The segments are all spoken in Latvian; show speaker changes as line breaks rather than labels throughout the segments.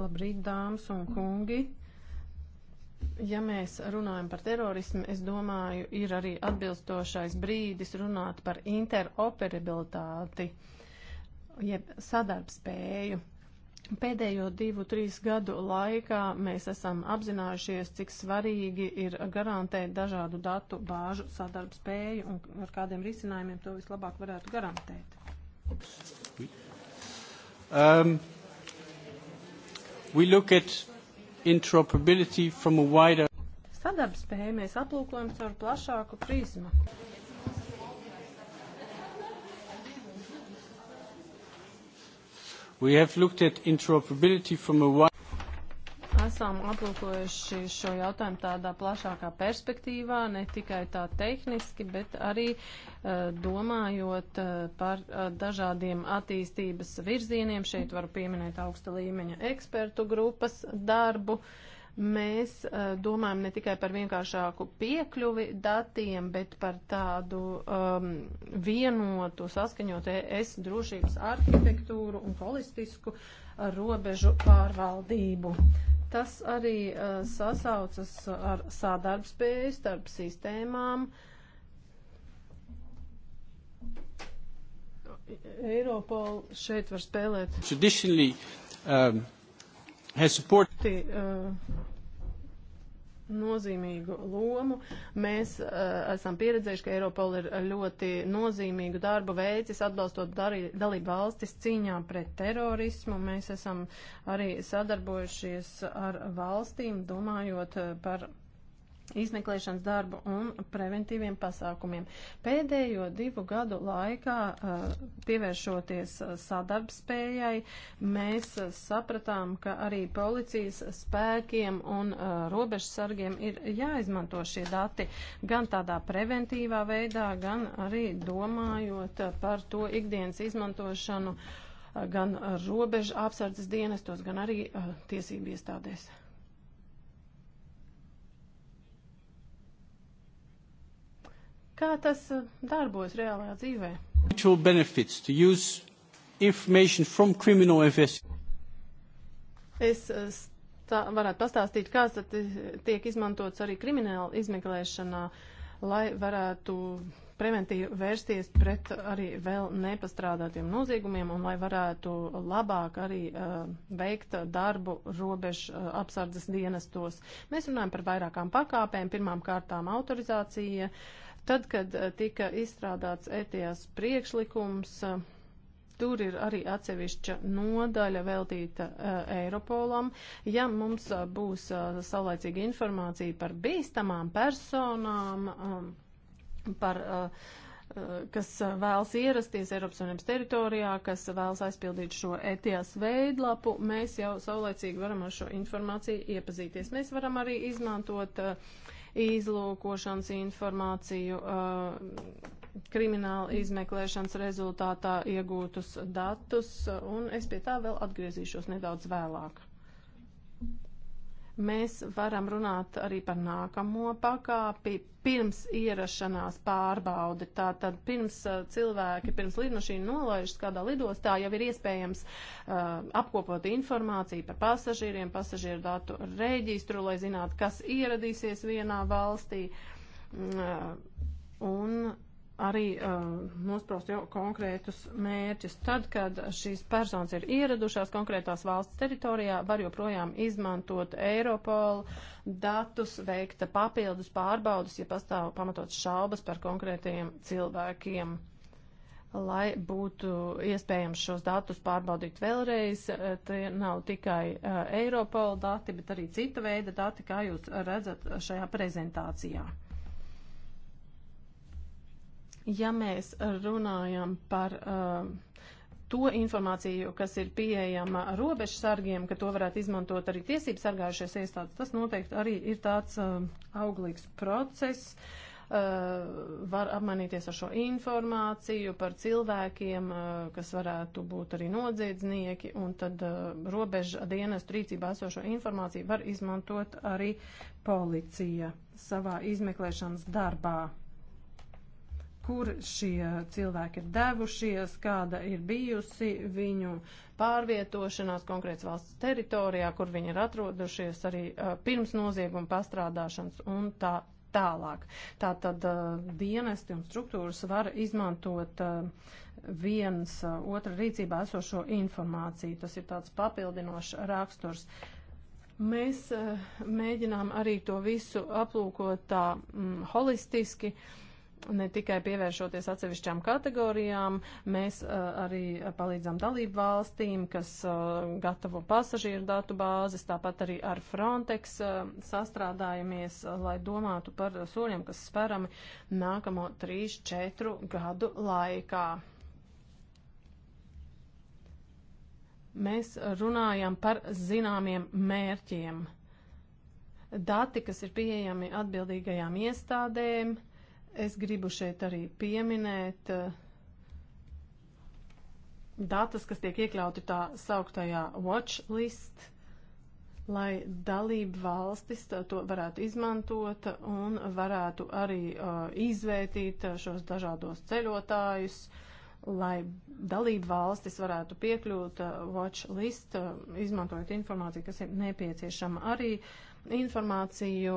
Labrīt, dāmas un kungi! Ja mēs runājam par terorismu, es domāju, ir arī atbilstošais brīdis runāt par interoperabilitāti, jeb sadarbspēju. Pēdējo divu, trīs gadu laikā mēs esam apzinājušies, cik svarīgi ir garantēt dažādu datu bāžu sadarbspēju un ar kādiem risinājumiem to vislabāk varētu garantēt.
Um. We look at interoperability from a wider
Sadarbspēju mēs aplūkojam caur plašāku prizmu.
We have looked at interoperability from a
esam aplūkojuši šo jautājumu tādā plašākā perspektīvā, ne tikai tā tehniski, bet arī uh, domājot uh, par uh, dažādiem attīstības virzieniem. Šeit varu pieminēt augsta līmeņa ekspertu grupas darbu. Mēs uh, domājam ne tikai par vienkāršāku piekļuvi datiem, bet par tādu um, vienotu, saskaņotu ES drošības arhitektūru un holistisku uh, robežu pārvaldību. Tas arī uh, sasaucas eh, ar sadarbspēju starp sistēmām. Eiropol šeit var spēlēt.
Traditionally um, has support. The, uh, eh,
nozīmīgu lomu. Mēs uh, esam pieredzējuši, ka Eiropola ir ļoti nozīmīgu darbu veicis, atbalstot dalību valstis cīņā pret terorismu. Mēs esam arī sadarbojušies ar valstīm, domājot eh, par izmeklēšanas darbu un preventīviem pasākumiem. Pēdējo divu gadu laikā, eh, pievēršoties eh, sadarbspējai, mēs eh, sapratām, ka arī policijas spēkiem un robežsargiem ir jāizmanto šie dati gan tādā preventīvā veidā, gan arī domājot par to ikdienas izmantošanu gan robežu apsardzes dienestos, gan arī tiesību iestādēs. Kā tas uh, darbojas reālajā dzīvē?
Mutual benefits to use information from criminal investigation.
Es uh, tā, varētu pastāstīt, kāds tad tiek izmantots arī krimināla izmeklēšanā, lai varētu preventīvi vērsties pret arī vēl nepastrādātiem noziegumiem un lai varētu labāk arī uh, veikt darbu robežu uh, apsardzes dienestos. Mēs runājam par vairākām pakāpēm. Pirmām kārtām autorizācija. Uh, Tad, kad eh, tika izstrādāts ETS priekšlikums, eh, tur ir arī atsevišķa nodaļa veltīta uh, Eiropolam. Ja mums uh, būs uh, saulaicīga informācija par bīstamām personām, um, par. Uh, kas vēlas ierasties Eiropas Savienības teritorijā, kas vēlas aizpildīt šo ETIAS veidlapu, mēs jau saulēcīgi varam ar šo informāciju iepazīties. Mēs varam arī izmantot uh, izlūkošanas informāciju, uh, krimināla izmeklēšanas rezultātā iegūtus datus, un es pie tā vēl atgriezīšos nedaudz vēlāk. Mēs varam runāt arī par nākamo pakāpi pirms ierašanās pārbaudi. Tātad pirms uh, cilvēki, pirms lidmašīna nolaižas kādā lidostā, jau ir iespējams uh, apkopot informāciju par pasažīriem, pasažieru datu reģistru, lai zinātu, kas ieradīsies vienā valstī. Mm, uh, un arī uh, nosprost jau konkrētus mērķus. Tad, kad šīs personas ir ieradušās konkrētās valsts teritorijā, var joprojām izmantot Eiropolu datus, veikta papildus pārbaudas, ja pastāv pamatots šaubas par konkrētajiem cilvēkiem. Lai būtu iespējams šos datus pārbaudīt vēlreiz, eh, tie nav tikai uh, eh, Eiropola dati, bet arī cita veida dati, kā jūs redzat šajā prezentācijā ja mēs runājam par uh, to informāciju, kas ir pieejama robežsargiem, ka to varētu izmantot arī tiesības sargājušies iestādes, tas noteikti arī ir tāds uh, auglīgs process. Uh, var apmainīties ar šo informāciju par cilvēkiem, uh, kas varētu būt arī nodziedznieki, un tad uh, robeža dienas rīcībā esošo informāciju var izmantot arī policija savā izmeklēšanas darbā kur šie cilvēki ir devušies, kāda ir bijusi viņu pārvietošanās konkrēts valsts teritorijā, kur viņi ir atrodušies arī pirms nozieguma pastrādāšanas un tā tālāk. Tātad dienesti un struktūras var izmantot viens otra rīcībā esošo informāciju. Tas ir tāds papildinošs raksturs. Mēs mēģinām arī to visu aplūkot tā mm, holistiski. Uh, ne tikai pievēršoties atsevišķām kategorijām, mēs uh, arī palīdzam dalību valstīm, kas uh, gatavo pasažieru datu bāzes, tāpat arī ar Frontex uh, sastrādājamies, uh, lai domātu par soļiem, kas sperami nākamo 3-4 gadu laikā. Mēs runājam par zināmiem mērķiem. Dati, kas ir pieejami atbildīgajām iestādēm, uh, Es gribu šeit arī pieminēt uh, datus, kas tiek iekļauti tā sauktajā watch list, lai dalību valstis to varētu izmantot un varētu arī uh, izvērtīt uh, šos dažādos ceļotājus, lai dalību valstis varētu piekļūt uh, watch list, uh, izmantojot informāciju, kas ir nepieciešama arī uh, Informāciju,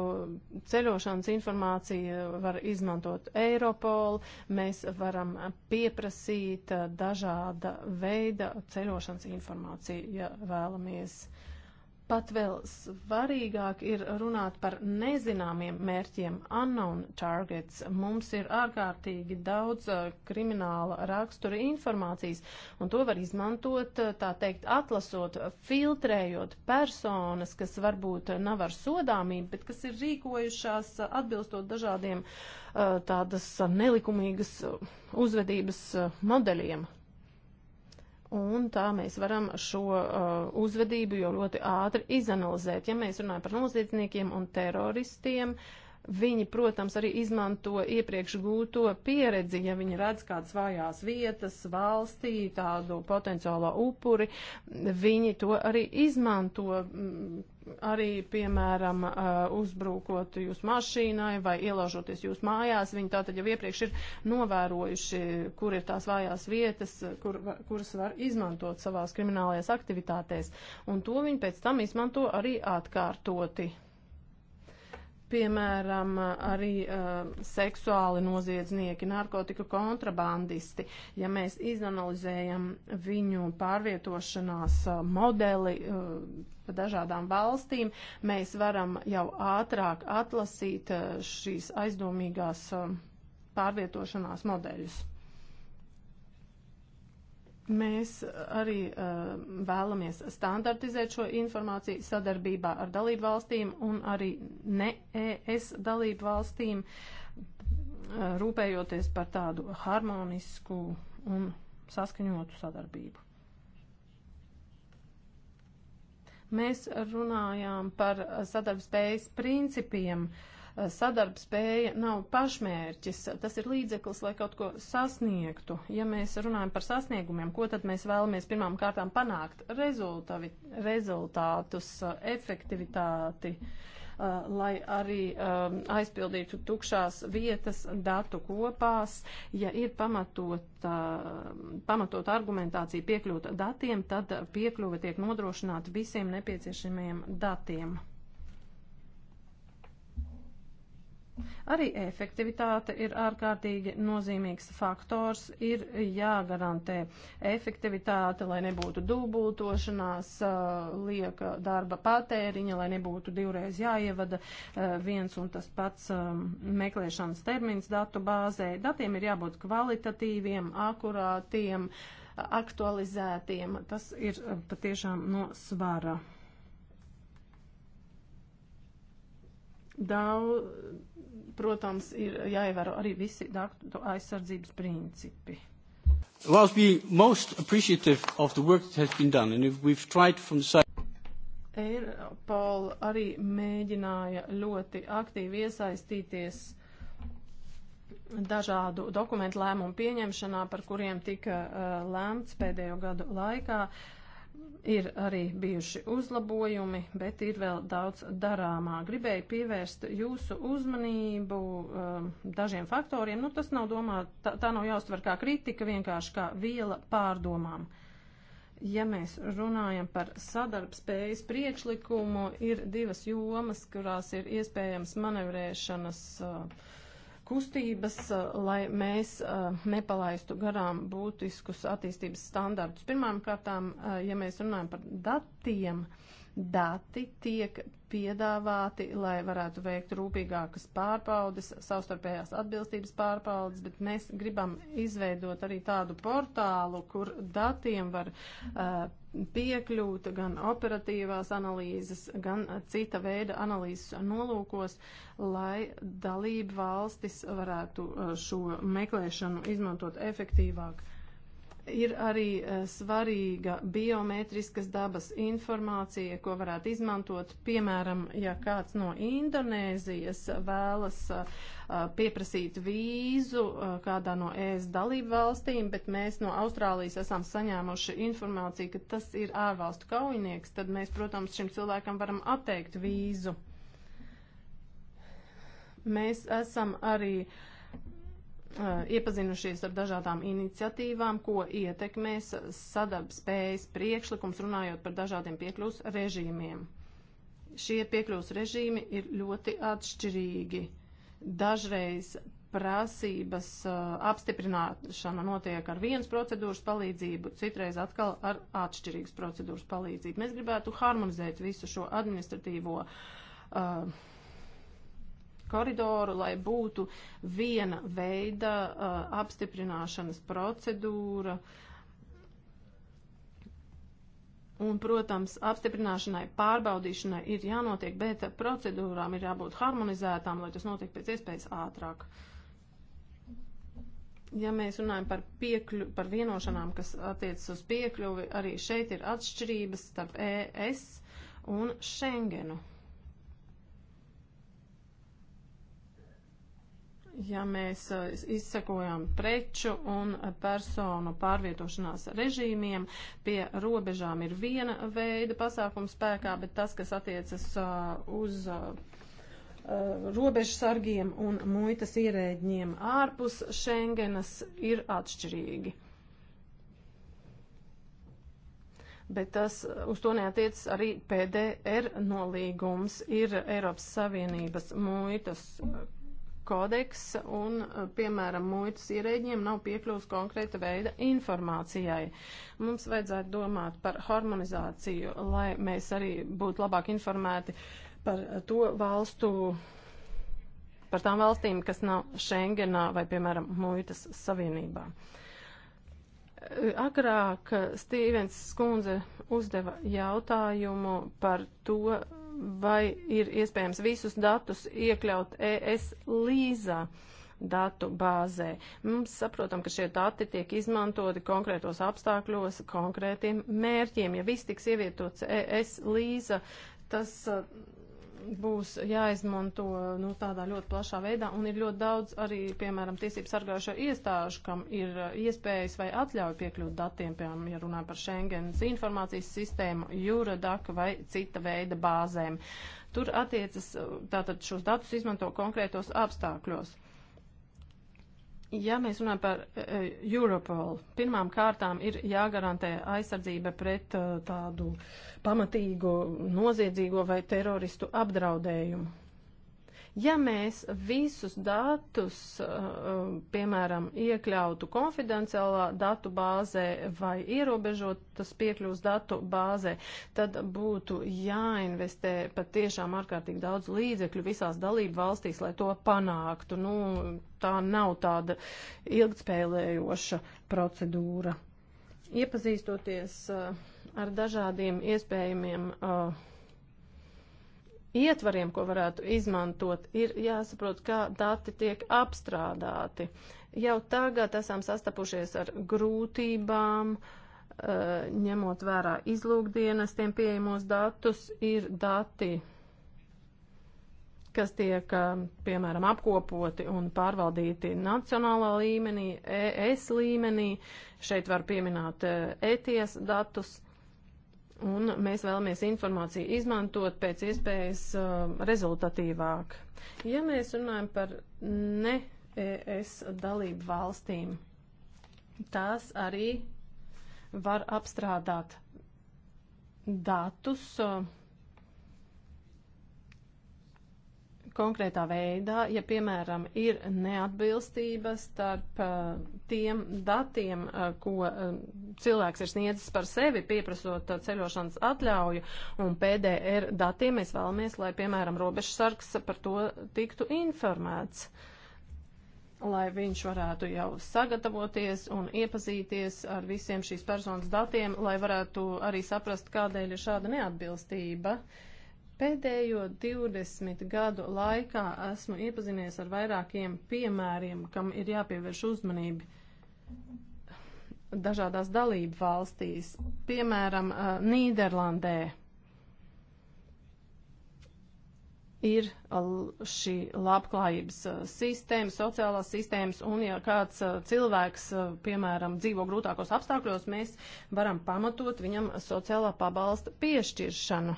ceļošanas informāciju var izmantot Eiropol, mēs varam pieprasīt dažāda veida ceļošanas informāciju, ja vēlamies. Uh, Pat vēl svarīgāk ir runāt par nezināmiem mērķiem, unknown targets. Mums ir ārkārtīgi daudz uh, krimināla rakstura informācijas, un to var izmantot, uh, tā teikt, atlasot, filtrējot personas, kas varbūt nav ar sodāmību, bet kas ir rīkojušās uh, atbilstot dažādiem tādas nelikumīgas uzvedības modeļiem un tā mēs varam šo uh, uzvedību jau ļoti ātri izanalizēt. Ja mēs runājam par noziedzniekiem un teroristiem, uh, Viņi, protams, arī izmanto iepriekš gūto pieredzi, ja viņi redz kādas vājās vietas valstī, tādu potenciālo upuri, viņi to arī izmanto, mm, arī, piemēram, uh, uzbrūkot jūs mašīnai vai ielaužoties jūs mājās. Viņi tātad jau iepriekš ir novērojuši, kur ir tās vājās vietas, kur, kuras var izmantot savās kriminālajās aktivitātēs, un to viņi pēc tam izmanto arī atkārtoti piemēram, arī uh, seksuāli noziedznieki, narkotiku kontrabandisti. Ja mēs izanalizējam viņu pārvietošanās uh, modeli uh, pa dažādām valstīm, mēs varam jau ātrāk atlasīt uh, šīs aizdomīgās uh, pārvietošanās modeļus. Mēs uh, arī uh, vēlamies standartizēt šo informāciju sadarbībā ar dalību valstīm un arī ne ES dalību valstīm, uh, rūpējoties par tādu harmonisku un saskaņotu sadarbību. Mēs runājām par sadarbspējas principiem. Uh, sadarbspēja nav pašmērķis, tas ir līdzeklis, lai kaut ko sasniegtu. Ja mēs runājam par sasniegumiem, ko tad mēs vēlamies pirmām kārtām panākt? Rezultavi, rezultātus, efektivitāti lai arī um, aizpildītu tukšās vietas datu kopās. Ja ir pamatot, uh, pamatot argumentācija piekļūt datiem, tad piekļuve tiek nodrošināta visiem nepieciešamajiem datiem. Arī efektivitāte ir ārkārtīgi nozīmīgs faktors, ir jāgarantē efektivitāte, lai nebūtu dubultošanās, lieka darba patēriņa, lai nebūtu divreiz jāievada viens un tas pats meklēšanas termins datu bāzē. Datiem ir jābūt kvalitatīviem, akurātiem, aktualizētiem. Tas ir patiešām no svara. Daudz protams, ir jāievēro arī visi datu aizsardzības principi.
Whilst being most appreciative of the work that has been done, and if we've tried from the side.
Eiropol arī mēģināja ļoti aktīvi iesaistīties dažādu dokumentu lēmumu pieņemšanā, par kuriem tika uh, lēmts pēdējo gadu laikā. Uh, Ir arī bijuši uzlabojumi, bet ir vēl daudz darāmā. Gribēju pievērst jūsu uzmanību um, dažiem faktoriem. Nu, tas nav domā, tā, tā nav jāuztver kā kritika, vienkārši kā viela pārdomām. Ja mēs runājam par sadarbspējas priekšlikumu, ir divas jomas, kurās ir iespējams manevrēšanas. Uh, kustības, eh, lai mēs eh, nepalaistu garām būtiskus attīstības standartus. Pirmām kārtām, eh, ja mēs runājam par datiem, uh, dati tiek piedāvāti, lai varētu veikt rūpīgākas pārbaudes, savstarpējās atbilstības pārbaudes, bet mēs gribam izveidot arī tādu portālu, kur datiem var uh, piekļūt gan operatīvās analīzes, gan cita veida analīzes nolūkos, lai dalību valstis varētu uh, šo meklēšanu izmantot efektīvāk. Ir arī eh, svarīga biometriskas dabas informācija, ko varētu izmantot, piemēram, ja kāds no Indonēzijas vēlas eh, pieprasīt vīzu eh, kādā no ES dalību valstīm, bet mēs no Austrālijas esam saņēmuši informāciju, ka tas ir ārvalstu kaujinieks, tad mēs, protams, šim cilvēkam varam atteikt vīzu. Mēs esam arī uh, Uh, iepazinušies ar dažādām iniciatīvām, ko ietekmēs sadarbspējas priekšlikums runājot par dažādiem piekļūs režīmiem. Šie piekļūs režīmi ir ļoti atšķirīgi. Dažreiz prasības uh, apstiprināšana notiek ar vienas procedūras palīdzību, citreiz atkal ar atšķirīgas procedūras palīdzību. Mēs gribētu harmonizēt visu šo administratīvo uh, koridoru, lai būtu viena veida uh, apstiprināšanas procedūra. Un, protams, apstiprināšanai, pārbaudīšanai ir jānotiek, bet procedūrām ir jābūt harmonizētām, lai tas notiek pēc iespējas ātrāk. Ja mēs runājam par, piekļu, par vienošanām, kas attiecas uz piekļuvi, arī šeit ir atšķirības starp ES un Schengenu. ja mēs eh, izsakojam preču un personu pārvietošanās režīmiem, pie robežām ir viena veida pasākums spēkā, bet tas, kas attiecas eh, uz eh, robežsargiem un muitas ierēģiem ārpus Schengenas, ir atšķirīgi. bet tas uz to neatiecas arī PDR nolīgums ir Eiropas Savienības muitas kodeks un, eh, piemēram, muitas ierēģiem nav piekļūst konkrēta veida informācijai. Mums vajadzētu domāt par harmonizāciju, lai mēs arī būtu labāk informēti par to valstu, par tām valstīm, kas nav Schengenā vai, piemēram, muitas savienībā. Agrāk Stīvens skundze uzdeva jautājumu par to, vai ir iespējams visus datus iekļaut ES līzā datu bāzē. Mums saprotam, ka šie dati tiek izmantoti konkrētos apstākļos, konkrētiem mērķiem. Ja viss tiks ievietots ES līza, tas būs jāizmanto nu, tādā ļoti plašā veidā, un ir ļoti daudz arī, piemēram, tiesību sargājušo iestāžu, kam ir uh, iespējas vai atļauja piekļūt datiem, piemēram, ja runā par Schengens informācijas sistēmu, Juradak vai cita veida bāzēm. Tur attiecas, uh, tātad šos datus izmanto konkrētos apstākļos. Ja mēs runājam par uh, e, e, Europolu, pirmām kārtām ir jāgarantē aizsardzība pret uh, tādu pamatīgu noziedzīgo vai teroristu apdraudējumu. Ja mēs visus datus, uh, piemēram, iekļautu konfidenciālā datu bāzē vai ierobežotas piekļuvas datu bāzē, tad būtu jāinvestē patiešām ārkārtīgi daudz līdzekļu visās dalību valstīs, lai to panāktu. Nu, tā nav tāda ilgtspēlējoša procedūra. Iepazīstoties uh, ar dažādiem iespējamiem uh, ietvariem, ko varētu izmantot, ir jāsaprot, kā dati tiek apstrādāti. Jau tagad esam sastapušies ar grūtībām, eh, ņemot vērā izlūkdienestiem pieejamos datus, ir dati, kas tiek, eh, piemēram, apkopoti un pārvaldīti nacionālā līmenī, ES līmenī. Šeit var pieminēt ETS eh, e datus un mēs vēlamies informāciju izmantot pēc iespējas uh, rezultatīvāk. Ja mēs runājam par ne ES dalību valstīm, tās arī var apstrādāt datus. Uh, konkrētā veidā, ja, piemēram, ir neatbilstība starp uh, tiem datiem, uh, ko uh, cilvēks ir sniedzis par sevi, pieprasot uh, ceļošanas atļauju, un PDR datiem mēs vēlamies, lai, piemēram, robežsargs par to tiktu informēts lai viņš varētu jau sagatavoties un iepazīties ar visiem šīs personas datiem, lai varētu arī saprast, kādēļ ir šāda neatbilstība. Uh, Pēdējo 20 gadu laikā esmu iepazinies ar vairākiem piemēriem, kam ir jāpievērš uzmanība dažādās dalību valstīs, piemēram, Nīderlandē. ir šī labklājības sistēma, sociālās sistēmas, un ja kāds cilvēks, piemēram, dzīvo grūtākos apstākļos, mēs varam pamatot viņam sociālā pabalsta piešķiršanu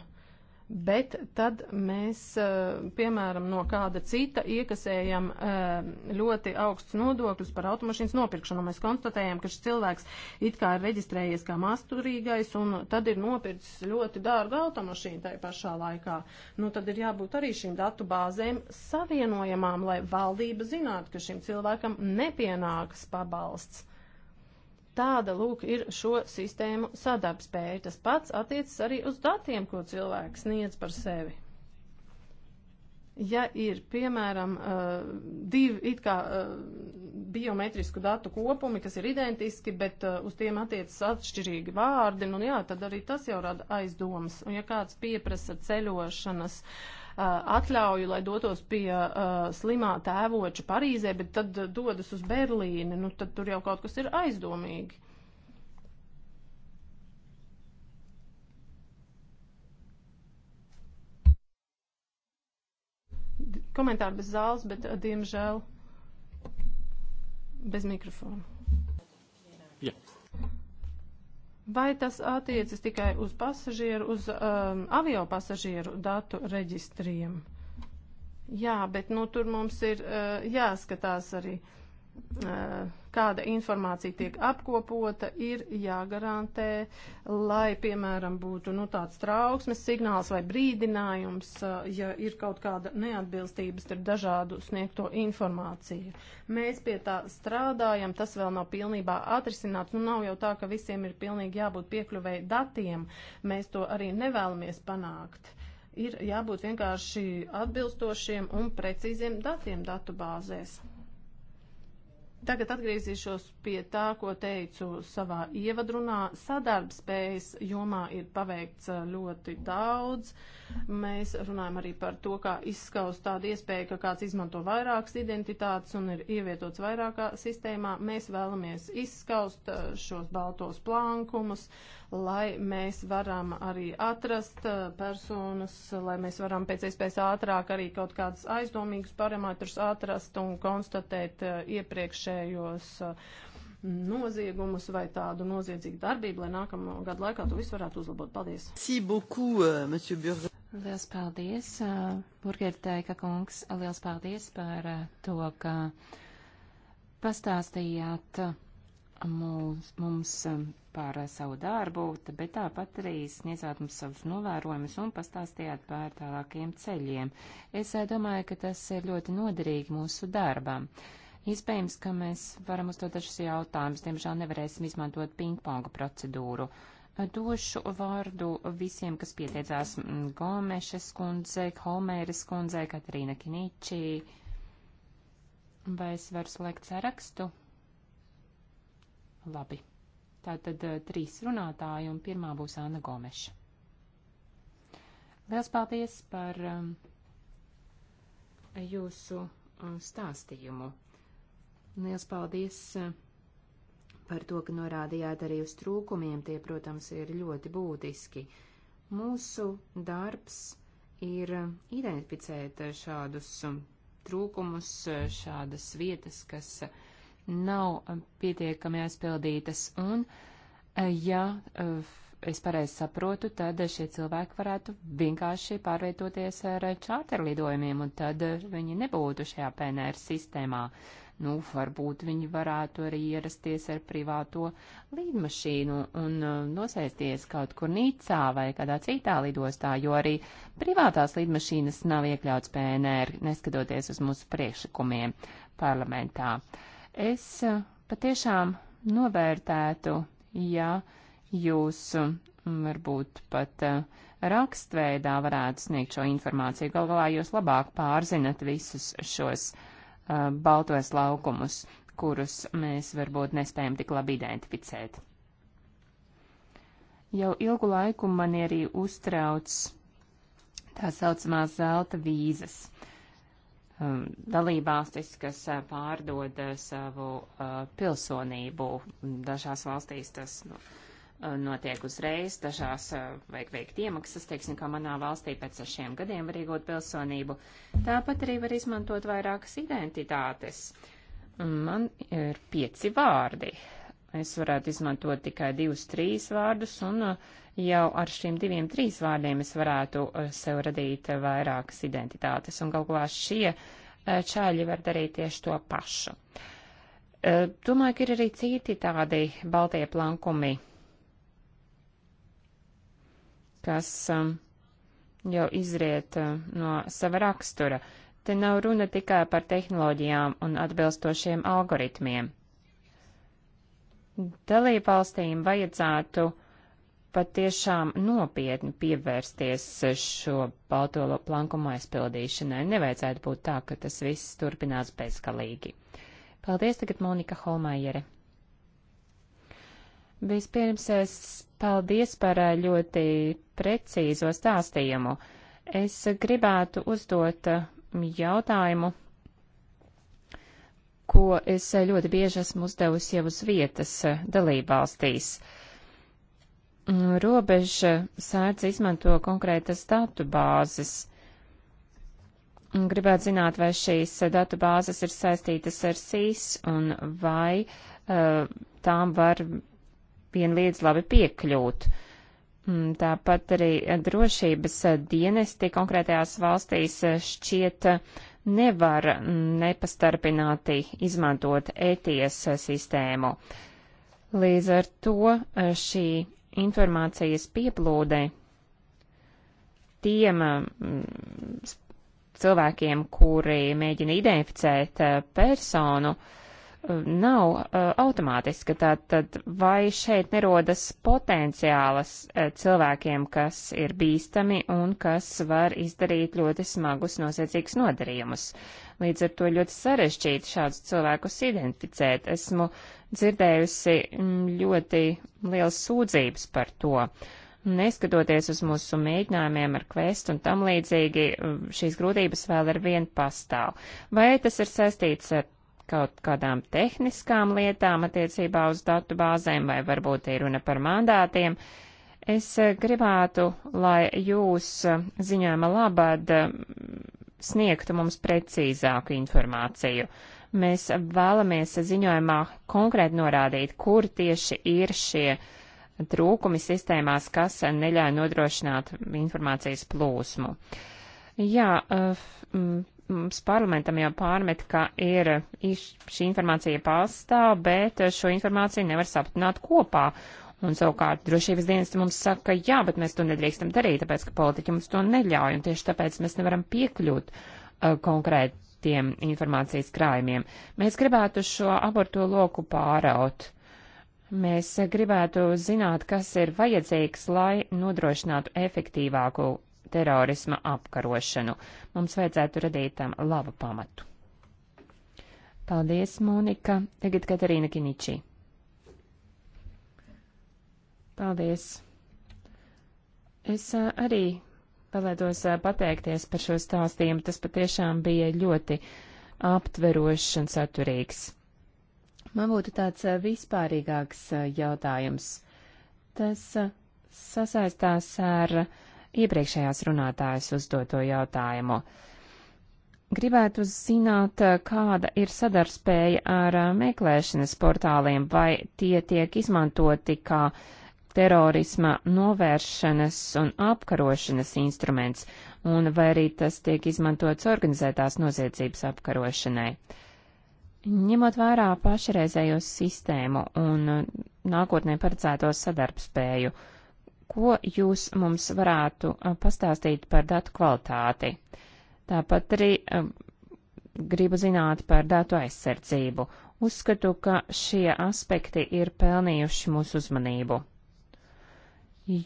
bet tad mēs, eh, piemēram, no kāda cita iekasējam eh, ļoti augsts nodokļus par automašīnas nopirkšanu. Mēs konstatējam, ka šis cilvēks it kā ir reģistrējies kā masturīgais un tad ir nopircis ļoti dārgu automašīnu tajā pašā laikā. Nu, tad ir jābūt arī šīm datu bāzēm savienojamām, lai valdība zinātu, ka šim cilvēkam nepienākas pabalsts. Tāda, lūk, ir šo sistēmu sadarbspēja. Tas pats attiecas arī uz datiem, ko cilvēks sniedz par sevi. Ja ir, piemēram, eh, divi it kā eh, biometrisku datu kopumi, kas ir identiski, bet eh, uz tiem attiecas atšķirīgi vārdi, nu jā, tad arī tas jau rada aizdomas. Un ja kāds pieprasa ceļošanas uh, Uh, atļauju, lai dotos pie uh, slimā tēvoča Parīzē, bet tad uh, dodas uz Berlīni, nu tad tur jau kaut kas ir aizdomīgi. Komentāri bez zāles, bet diemžēl bez mikrofona. Vai tas attiecas tikai uz pasažieru, uz um, avio pasažieru datu reģistriem? Jā, bet nu, tur mums ir uh, jāskatās arī uh, kāda informācija tiek apkopota, ir jāgarantē, lai, piemēram, būtu nu, tāds trauksmes signāls vai brīdinājums, ja ir kaut kāda neatbilstības ar dažādu sniegto informāciju. Mēs pie tā strādājam, tas vēl nav pilnībā atrisināts. Nu, nav jau tā, ka visiem ir pilnīgi jābūt piekļuvēji datiem. Mēs to arī nevēlamies panākt. Ir jābūt vienkārši atbilstošiem un precīziem datiem datubāzēs. Tagad atgriezīšos pie tā, ko teicu savā ievadrunā. Sadarbspējas jomā ir paveikts ļoti daudz. Mēs runājam arī par to, kā izskaust tādu iespēju, ka kāds izmanto vairākas identitātes un ir ievietots vairākā sistēmā. Mēs vēlamies izskaust šos baltos plankumus, lai mēs varam arī atrast uh, personas, lai mēs varam pēc iespējas ātrāk arī kaut kādus aizdomīgus parametrus atrast un konstatēt uh, iepriekšējos uh, noziegumus vai tādu noziedzīgu darbību, lai nākamā gada laikā to visu varētu uzlabot. Paldies!
Liels paldies, Burgerteika kungs, liels paldies par to, ka pastāstījāt mums, mums um, par uh, savu darbu, bet tāpat arī sniedzāt mums savus novērojumus un pastāstījāt par tālākajiem ceļiem. Es uh, domāju, ka tas ir ļoti noderīgi mūsu darbam. Iespējams, ka mēs varam uzdot dažus jautājumus, diemžēl nevarēsim izmantot pingpongu procedūru. Uh, došu vārdu visiem, kas pieteicās mm, Gomešas kundzei, Homēras kundzei, Katrīna Kiničī. Vai es varu slēgt sarakstu? Labi. Tātad eh, trīs runātāji un pirmā būs Anna Gomeša. Liels paldies par um, jūsu um, stāstījumu. Liels paldies uh, par to, ka norādījāt arī uz trūkumiem. Tie, protams, ir ļoti būtiski. Mūsu darbs ir identificēt šādus trūkumus, šādas vietas, kas uh, nav um, pietiekami aizpildītas, un, eh, ja eh, es pareizi saprotu, tad šie cilvēki varētu vienkārši pārvietoties ar eh, čārterlidojumiem, un tad viņi nebūtu šajā PNR sistēmā. Nu, varbūt viņi varētu arī ierasties ar privāto līdmašīnu un nosēsties kaut kur Nīcā vai kādā citā lidostā, jo arī privātās līdmašīnas nav iekļauts PNR, neskatoties uz mūsu priekšlikumiem parlamentā. Uh, Es eh, patiešām novērtētu, ja jūs mm, varbūt pat eh, rakstveidā varētu sniegt šo informāciju. Gal galā jūs labāk pārzinat visus šos uh, baltos laukumus, kurus mēs varbūt nespējam tik labi identificēt. Jau ilgu laiku man arī uztrauc tā saucamās zelta vīzas. Uh, um, dalībvalstis, kas uh, pārdod uh, savu uh, pilsonību. Dažās valstīs tas nu, uh, notiek uzreiz, dažās uh, vajag veikt iemaksas, teiksim, kā manā valstī pēc sešiem gadiem var iegūt pilsonību. Tāpat arī var izmantot vairākas identitātes. Man ir pieci vārdi. Es varētu izmantot tikai divus, trīs vārdus, un uh, jau ar šiem diviem, trīs vārdiem es varētu uh, sev radīt uh, vairākas identitātes, un galvā šie čāļi var darīt tieši to pašu. Domāju, ka ir arī citi tādi baltie plankumi, kas um, jau izriet no sava rakstura. Te nav runa tikai par tehnoloģijām un atbilstošiem algoritmiem. Dalībvalstīm vajadzētu patiešām nopietni pievērsties šo balto plankumu aizpildīšanai. Nevajadzētu būt tā, ka tas viss turpinās bezgalīgi. Paldies tagad Monika Holmajere. Vispirms es paldies par eh, ļoti precīzo stāstījumu. Es gribētu uzdot eh, jautājumu ko es ļoti bieži esmu uzdevusi jau uz vietas eh, dalībvalstīs. Mm, robeža sērts izmanto konkrētas datu bāzes. Mm, gribētu zināt, vai šīs datu bāzes ir saistītas ar SIS un vai uh, tām var vienlīdz labi piekļūt. Uh, Tāpat arī drošības dienesti konkrētajās valstīs eh, šķiet nevar nepastarpināti izmantot ETS sistēmu. Līdz ar to eh, šī informācijas pieplūde tiem mm, cilvēkiem, kuri mēģina identificēt eh, personu, uh, nav uh, automātiska, tātad vai šeit nerodas potenciālas uh, cilvēkiem, kas ir bīstami un kas var izdarīt ļoti smagus noziedzīgus nodarījumus. Līdz ar to ļoti sarežģīti šādus cilvēkus identificēt. Esmu dzirdējusi ļoti liels sūdzības par to. Neskatoties uz mūsu mēģinājumiem ar kvestu un tam līdzīgi, šīs grūtības vēl ar vienu pastāv. Vai tas ir saistīts ar kaut kādām tehniskām lietām attiecībā uz datu bāzēm, vai varbūt ir runa par mandātiem. Es eh, gribētu, lai jūs eh, ziņojuma labad eh, sniegtu mums precīzāku informāciju. Mēs vēlamies ziņojumā konkrēti norādīt, kur tieši ir šie trūkumi sistēmās, kas neļauj nodrošināt informācijas plūsmu. Jā, mums parlamentam jau pārmet, ka ir šī informācija pastāv, bet šo informāciju nevar saptināt kopā. Un savukārt drošības dienesti mums saka, jā, bet mēs to nedrīkstam darīt, tāpēc, ka politiķi mums to neļauj, un tieši tāpēc mēs nevaram piekļūt uh, konkrētiem informācijas krājumiem. Mēs gribētu šo aborto loku pāraut. Mēs gribētu zināt, kas ir vajadzīgs, lai nodrošinātu efektīvāku terorisma apkarošanu. Mums vajadzētu radīt tam labu pamatu. Paldies, Monika. Tagad Katarīna Kiničī. Paldies. Es arī palēdos pateikties par šo stāstījumu. Tas patiešām bija ļoti aptverošs un saturīgs. Man būtu tāds vispārīgāks jautājums. Tas sasaistās ar uh, iepriekšējās runātājas uzdoto jautājumu. Gribētu zināt, kāda ir sadarbspēja ar meklēšanas portāliem, vai tie tiek izmantoti kā terorisma novēršanas un apkarošanas instruments, un vai arī tas tiek izmantots organizētās noziedzības apkarošanai. Ņemot vērā pašreizējo sistēmu un nākotnē paredzēto sadarbspēju, uh, Ko jūs mums varētu pastāstīt par datu kvalitāti? Tāpat arī gribu zināt par datu aizsardzību. Uzskatu, ka šie aspekti ir pelnījuši mūsu uzmanību.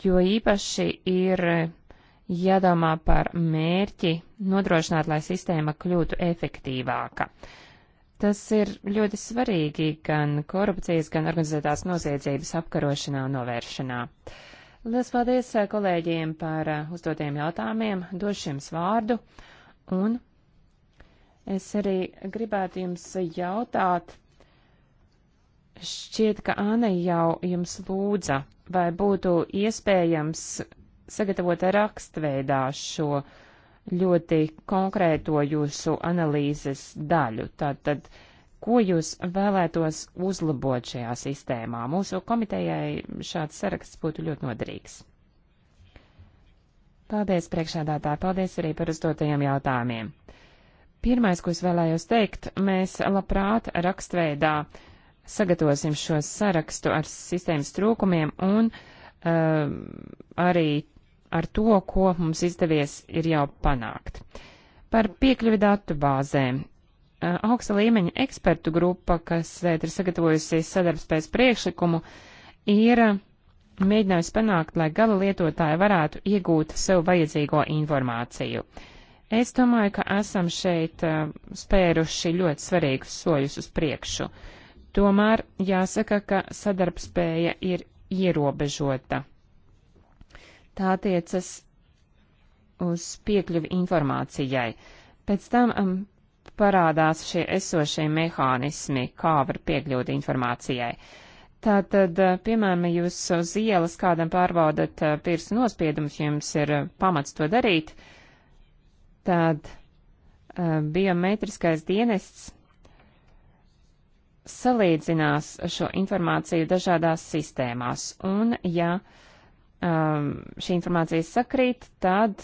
Jo īpaši ir jādomā par mērķi nodrošināt, lai sistēma kļūtu efektīvāka. Tas ir ļoti svarīgi gan korupcijas, gan organizētās noziedzības apkarošanā un novēršanā. Uh, Lielas paldies eh, kolēģiem par eh, uzdotiem jautājumiem, došu jums vārdu, un es arī gribētu jums jautāt, šķiet, ka Anna jau jums lūdza, vai būtu iespējams sagatavot rakstveidā šo ļoti konkrēto jūsu analīzes daļu. Tātad, uh, ko jūs vēlētos uzlabot šajā sistēmā. Mūsu komitejai šāds saraksts būtu ļoti noderīgs. Paldies, priekšādātāji, paldies arī par uzdotajiem jautājumiem. Pirmais, ko es vēlējos teikt, mēs labprāt rakstveidā sagatavosim šo sarakstu ar sistēmas trūkumiem un uh, arī ar to, ko mums izdevies ir jau panākt. Par piekļuvi datu bāzēm Uh, augsta līmeņa ekspertu grupa, kas šeit ir sagatavojusi sadarbspējas priekšlikumu, ir uh, mēģinājusi panākt, lai gala lietotāji varētu iegūt sev vajadzīgo informāciju. Es domāju, ka esam šeit uh, spēruši ļoti svarīgus soļus uz priekšu. Tomēr jāsaka, ka sadarbspēja ir ierobežota. Tā tiecas uz piekļuvi informācijai. Pēc tam um, parādās šie esošie mehānismi, kā var piekļūt informācijai. Tātad, eh, piemēram, jūs uz ielas kādam pārbaudat eh, pirkstu nospiedumus, ja jums ir eh, pamats to darīt, tad biometriskais dienests salīdzinās šo informāciju dažādās sistēmās, un ja um, šī informācija sakrīt, tad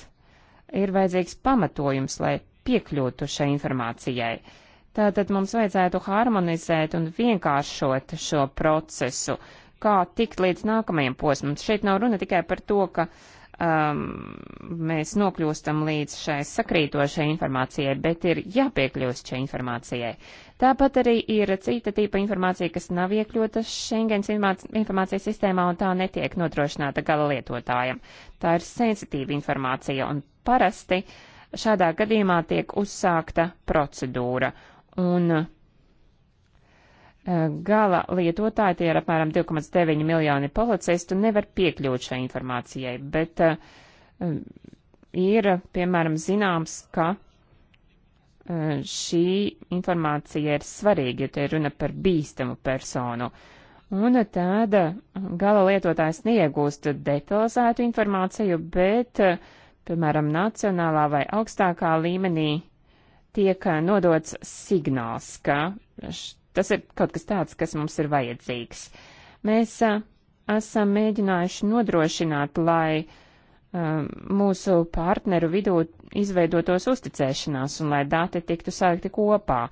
ir vajadzīgs pamatojums, lai piekļūtu šai informācijai. Tātad mums vajadzētu harmonizēt un vienkāršot šo procesu, kā tikt līdz nākamajam posmam. Šeit nav runa tikai par to, ka um, mēs nokļūstam līdz šai sakrītošai informācijai, bet ir jāpiekļūst šai informācijai. Tāpat arī ir cita tīpa informācija, kas nav iekļūta Schengens informācijas sistēmā un tā netiek nodrošināta gala lietotājam. Tā ir sensitīva informācija un parasti uh, šādā gadījumā tiek uzsākta procedūra. Un e, gala lietotāji, tie ir apmēram 2,9 miljoni policistu, nevar piekļūt šai informācijai, bet e, ir, piemēram, zināms, ka e, šī informācija ir svarīga, ja te ir runa par bīstamu personu. Un tāda gala lietotājs neiegūst detalizētu informāciju, bet uh, piemēram, nacionālā vai augstākā līmenī, tiek eh, nodots signāls, ka tas ir kaut kas tāds, kas mums ir vajadzīgs. Mēs a, eh, esam mēģinājuši nodrošināt, lai a, eh, mūsu partneru vidū izveidotos uzticēšanās un lai dati tiktu salikti kopā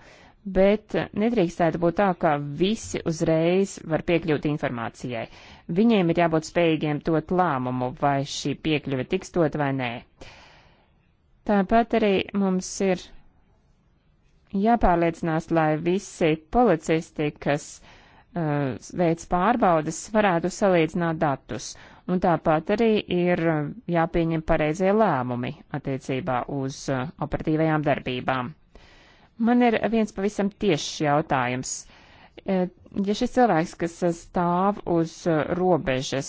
bet nedrīkstētu būt tā, ka visi uzreiz var piekļūt informācijai. Viņiem ir jābūt spējīgiem dot lēmumu, vai šī piekļuve tiks dot vai nē. Tāpat arī mums ir jāpārliecinās, lai visi policisti, kas uh, veic pārbaudas, varētu salīdzināt datus, un tāpat arī ir jāpieņem pareizie lēmumi attiecībā uz uh, operatīvajām darbībām. Man ir viens pavisam tiešs jautājums. E, ja šis cilvēks, kas e, stāv uz e, robežas,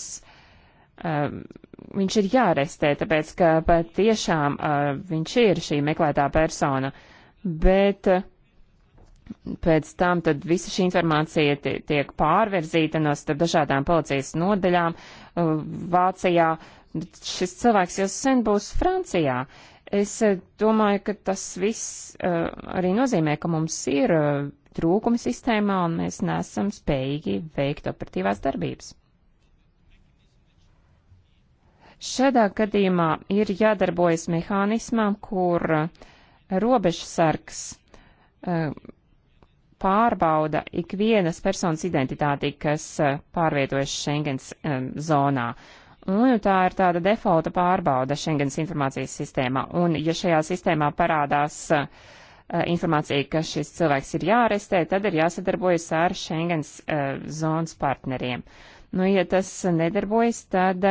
viņš ir jārestē, tāpēc ka patiešām viņš ir šī meklētā persona, bet pēc tam tad visa šī informācija tiek pārverzīta no starp dažādām policijas nodaļām Vācijā. Šis cilvēks jau sen būs Francijā. Uh, Es eh, domāju, ka tas viss uh, arī nozīmē, ka mums ir uh, trūkumi sistēmā un mēs nesam spējīgi veikt operatīvās darbības. Šādā gadījumā ir jādarbojas mehānismam, kur uh, robežsargs uh, pārbauda ikvienas personas identitāti, kas pārvietojas Schengens um, zonā. Uh, Un nu, tā ir tāda defaulta pārbauda Schengens informācijas sistēmā. Un ja šajā sistēmā parādās uh, informācija, ka šis cilvēks ir jārestē, tad ir jāsadarbojas ar Schengens uh, zonas partneriem. Nu, ja tas nedarbojas, tad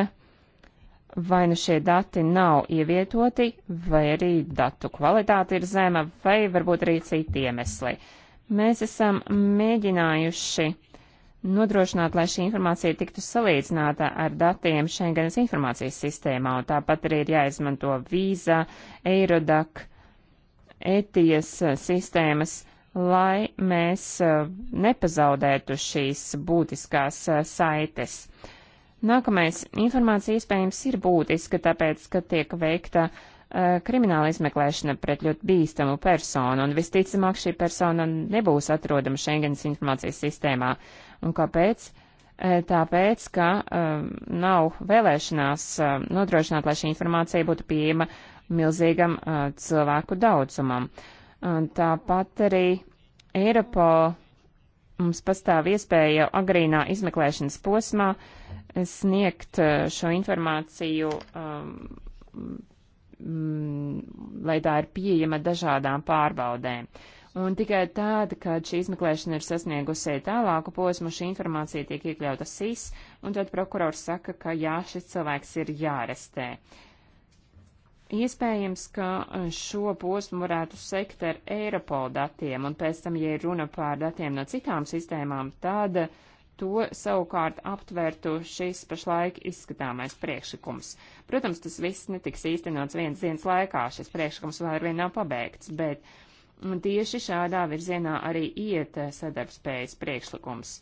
vai nu šie dati nav ievietoti, vai arī datu kvalitāte ir zema, vai varbūt arī citi iemesli. Mēs esam mēģinājuši uh, nodrošināt, lai šī informācija tiktu salīdzināta ar datiem Schengenas informācijas sistēmā, un tāpat arī ir jāizmanto vīza, Eirodak, ETIAS uh, sistēmas, lai mēs uh, nepazaudētu šīs būtiskās uh, saites. Nākamais informācija iespējams ir būtiska, tāpēc, ka tiek veikta krimināla izmeklēšana pret ļoti bīstamu personu, un visticamāk šī persona nebūs atrodama Schengens informācijas sistēmā. Un kāpēc? E, tāpēc, ka um, nav vēlēšanās um, nodrošināt, lai šī informācija būtu pieejama milzīgam uh, cilvēku daudzumam. Un tāpat arī Eiropol mums pastāv iespēja jau agrīnā izmeklēšanas posmā sniegt šo informāciju, um, lai tā ir pieejama dažādām pārbaudēm un tikai tad, kad šī izmeklēšana ir sasniegusi tālāku posmu, šī informācija tiek iekļauta SIS, un tad prokurors saka, ka jā, šis cilvēks ir jārestē. Iespējams, ka uh, šo posmu varētu sekt ar Eiropol datiem, un pēc tam, ja ir runa par datiem no citām sistēmām, tad uh, to savukārt aptvērtu šis pašlaik izskatāmais priekšlikums. Protams, tas viss netiks īstenots viens dienas laikā, šis priekšlikums vēl ar vien nav pabeigts, bet uh, Un tieši šādā virzienā arī iet eh, sadarbspējas priekšlikums.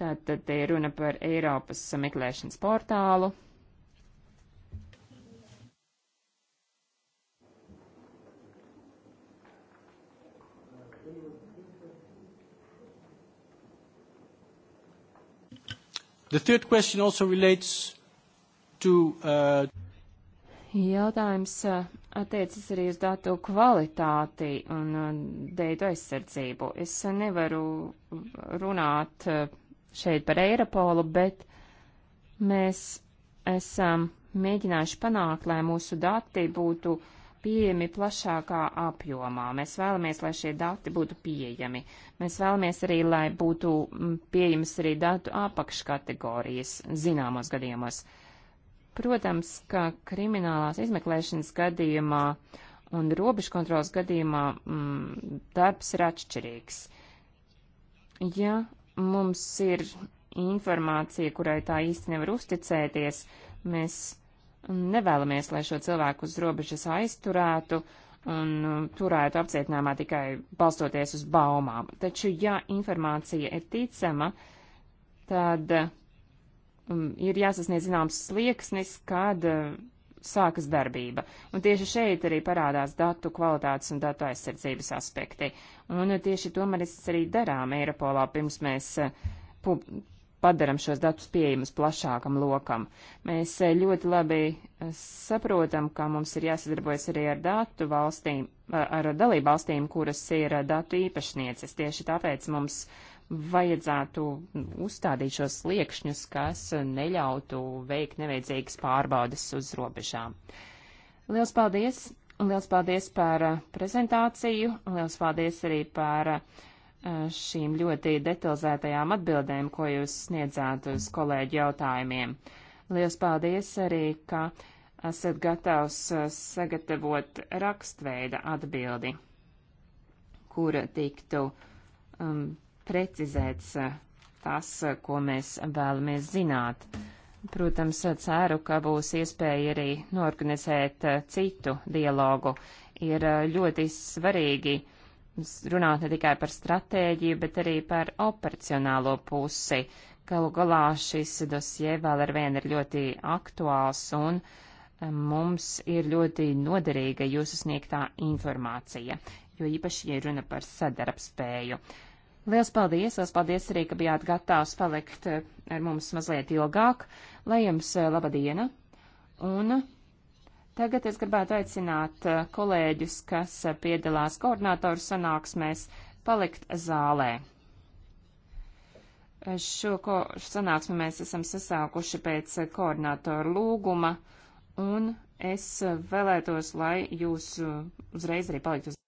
Tātad te ir runa par Eiropas meklēšanas portālu.
The third question also relates to. Uh...
Jautājums uh, attiecas arī uz datu kvalitāti un dēļu aizsardzību. Es nevaru runāt eh, šeit par Eiropolu, bet mēs esam mēģinājuši panākt, lai mūsu dati būtu pieejami plašākā apjomā. Mēs vēlamies, lai šie dati būtu pieejami. Mēs vēlamies arī, lai būtu pieejamas arī datu apakškategorijas zināmos gadījumos. Uh, Protams, ka kriminālās izmeklēšanas gadījumā un robežkontrolas gadījumā mm, darbs ir atšķirīgs. Ja mums ir informācija, kurai tā īsti nevar uzticēties, mēs nevēlamies, lai šo cilvēku uz robežas aizturētu un mm, turētu apcietinājumā tikai balstoties uz baumām. Taču, ja informācija ir ticama, tad Um, ir jāsasniedz zināms slieksnis, kad uh, sākas darbība. Un tieši šeit arī parādās datu kvalitātes un datu aizsardzības aspekti. Un uh, tieši to mēs arī darām Eiropolā, pirms mēs uh, padaram šos datus pieejamus plašākam lokam. Mēs ļoti labi saprotam, ka mums ir jāsadarbojas arī ar datu valstīm, ar dalību valstīm, kuras ir datu īpašnieces. Tieši tāpēc mums uh, vajadzētu uzstādīt šos sliekšņus, kas neļautu veikt nevajadzīgas pārbaudas uz robežām. Liels paldies! Liels paldies par uh, prezentāciju, liels paldies arī par uh, šīm ļoti detalizētajām atbildēm, ko jūs sniedzāt uz kolēģu jautājumiem. Liels paldies arī, ka esat gatavs uh, sagatavot rakstveida atbildi, kura tiktu um, precizēts eh, tas, eh, ko mēs vēlamies zināt. Protams, eh, ceru, ka būs iespēja arī norganizēt citu dialogu. Ir ļoti svarīgi runāt ne tikai par stratēģiju, bet arī par operacionālo pusi. Galu galā šis dosie vēl ar vienu ir ļoti aktuāls un mums ir ļoti noderīga jūsu sniegtā informācija, jo īpaši, ja runa par sadarbspēju. spēju. Liels paldies! Liels paldies arī, ka bijāt gatavs palikt eh, ar mums mazliet ilgāk. Lai jums eh, laba diena! Un tagad es gribētu aicināt eh, kolēģus, kas piedalās koordinātoru sanāksmēs, palikt zālē. Šo ko, sanāksmi mēs esam sasākuši pēc koordinātoru lūguma, un es vēlētos, lai jūs uzreiz arī paliktu uz